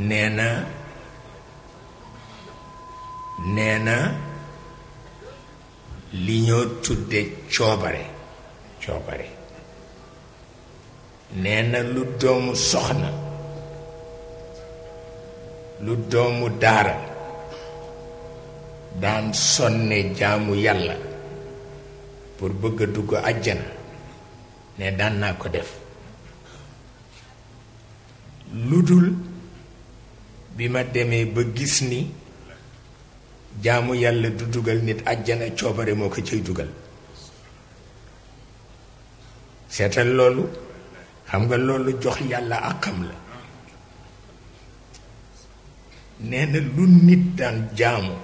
nee na nee na li ñoo tudde coobare coobare nee na lu doomu soxna lu doomu daara daan sonne jaamu yàlla pour bëgg a dugg àjjana ne daan naa ko def lu dul bi ma demee ba gis ni jaamu yàlla du dugal nit àjjana coobare moo ko ciy dugal seetal loolu xam nga loolu jox yàlla àqam la nee na lu nit daan jaamu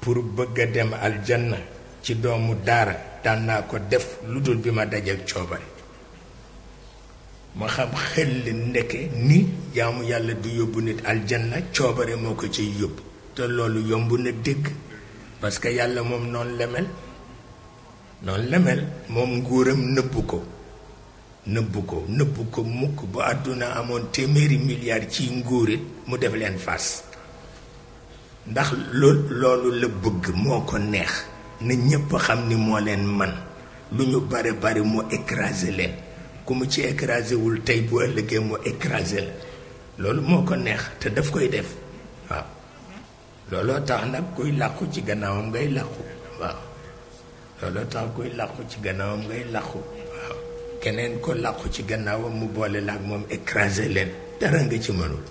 pour bëgg a dem aljanna ci doomu daara daan naa ko def lu dul bi ma dajeek coobare ma xam xel li ndeke ni jaamu yàlla du yóbbu nit aljanna coobare moo ko ci yóbbu te loolu yomb na dégg parce que yàlla moom noonu la mel noonu moom nguuram nëbbu ko nëbbu ko nëbbu ko mukk bu àdduna amoon téeméeri milliards ciy nguurit mu def leen fas ndax lool loolu la bëgg moo ko neex na ñépp xam ni moo leen man lu ñu bare bare mu écraser leen ku mu ci écrasé wul tey bu ëllëgee mu écrasé la loolu moo ko neex te daf koy def waaw looloo tax nag kuy làqu ci gannaawam ngay làqu waaw looloo tax kuy làqu ci gannaawam ngay làqu waaw keneen ko làqu ci gannaawam mu boole la ak moom écrasé leen dara nga ci mënul